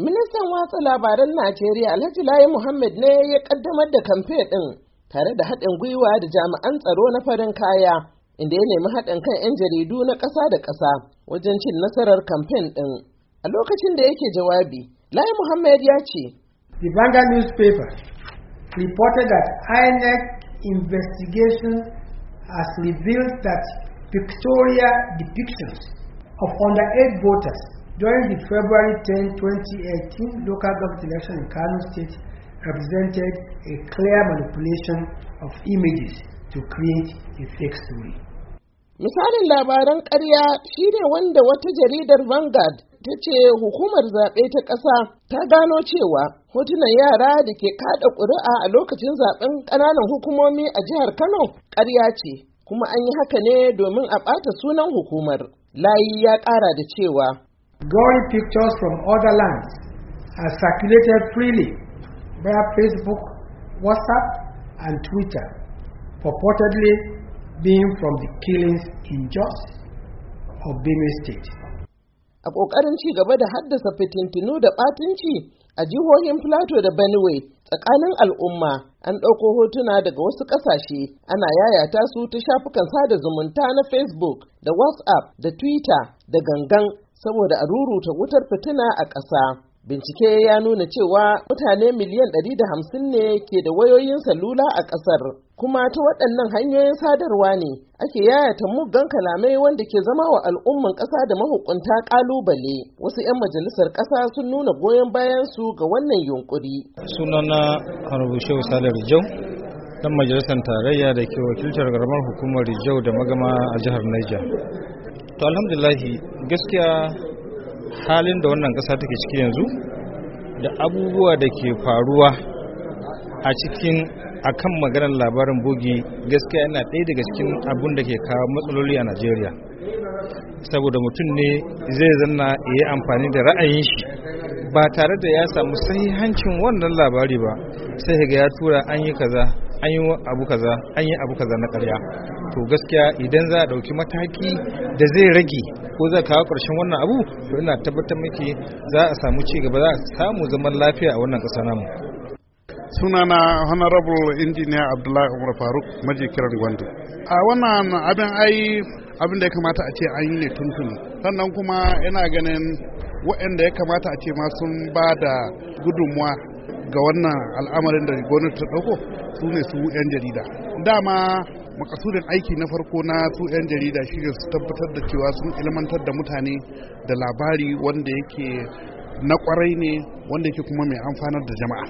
Ministan watsa labaran Najeriya Alhaji Layi Muhammad ne ya kaddamar da kamfe ɗin tare da haɗin gwiwa da jami'an tsaro na farin kaya inda ya nemi haɗin kan 'yan jaridu na ƙasa da ƙasa wajen cin nasarar kamfen ɗin. A lokacin da yake jawabi, Layi Muhammad ya ce, The Vanguard newspaper reported that INEC investigation has revealed that pictorial depictions of underage voters During the February 10, 2018 local government election in Kano State represented a clear manipulation of images to create a fake story. Misalin labaran ƙarya shine wanda wata jaridar Vanguard ta ce hukumar zaɓe ta ƙasa ta gano cewa hotunan yara da ke kaɗa ƙuri'a a lokacin zaɓen ƙananan hukumomi a jihar Kano ƙarya ce, kuma an yi haka ne domin a ɓata sunan hukumar. Layi ya ƙara da cewa Gory pictures from other lands are circulated freely via Facebook, WhatsApp, and Twitter, purportedly being from the killings in Jos of Benue State. A ƙoƙarin ci gaba da haddasa fitintinu da ɓatinci a jihohin Plateau da Benue tsakanin al'umma an ɗauko hotuna daga wasu ƙasashe ana yayata su ta shafukan sada zumunta na Facebook da WhatsApp da Twitter da gangan saboda a ruruta wutar fitina a ƙasa. Bincike ya nuna cewa mutane miliyan ɗari da hamsin ne ke da wayoyin salula a ƙasar, kuma ta waɗannan hanyoyin sadarwa ne ake yayata muggan kalamai wanda ke zama wa al'umman ƙasa da mahukunta ƙalubale. Wasu 'yan majalisar ƙasa sun nuna goyon bayan su ga wannan yunƙuri. Sunana Harbushe Salar Jau, dan majalisar tarayya da ke wakiltar garmar hukumar Rijau da magama a jihar Niger. To alhamdulahi gaskiya halin da wannan kasa take ciki yanzu da abubuwa da ke faruwa a cikin akan maganar labarin bogi gaskiya yana ɗaya daga cikin abun da ke kawo matsaloli a Najeriya. Saboda mutum ne zai zanna ya amfani da ra'ayin shi ba tare da ya samu sahihancin wannan labari ba sai ga ya tura an yi kaza an yi abu kaza an yi abu kaza na karya to gaskiya idan za a ɗauki mataki da zai rage ko a kawo ƙarshen wannan abu to ina tabbatar miki za a samu ci gaba za a samu zaman lafiya a wannan kasa namu sunana honorable engineer abdullahi umar faruk maji kiran gwandu a wannan abin ai abin da ya kamata a ce an yi ne tuntun sannan kuma ina ganin waɗanda ya kamata a ce ma sun ba da gudunmuwa ga wannan al'amarin da gwamnati ta ɗauko su ne su 'yan jarida dama makasudin aiki na farko na su 'yan jarida shi su tabbatar da cewa sun ilmantar da mutane da labari wanda yake na kwarai ne wanda yake kuma mai amfanar da jama'a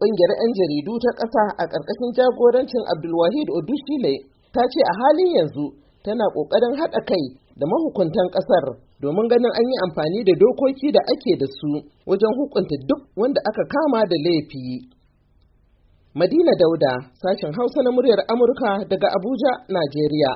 ƙungiyar 'yan jaridu ta ƙasa a ƙarƙashin jagorancin abdulwahid odushile ta ce a halin yanzu tana ƙoƙarin haɗa kai da mahukuntan ƙasar domin ganin an yi amfani da dokoki da ake da su wajen hukunta duk wanda aka kama da laifi. Madina Dauda, sashen Hausa na muryar Amurka daga Abuja, Najeriya.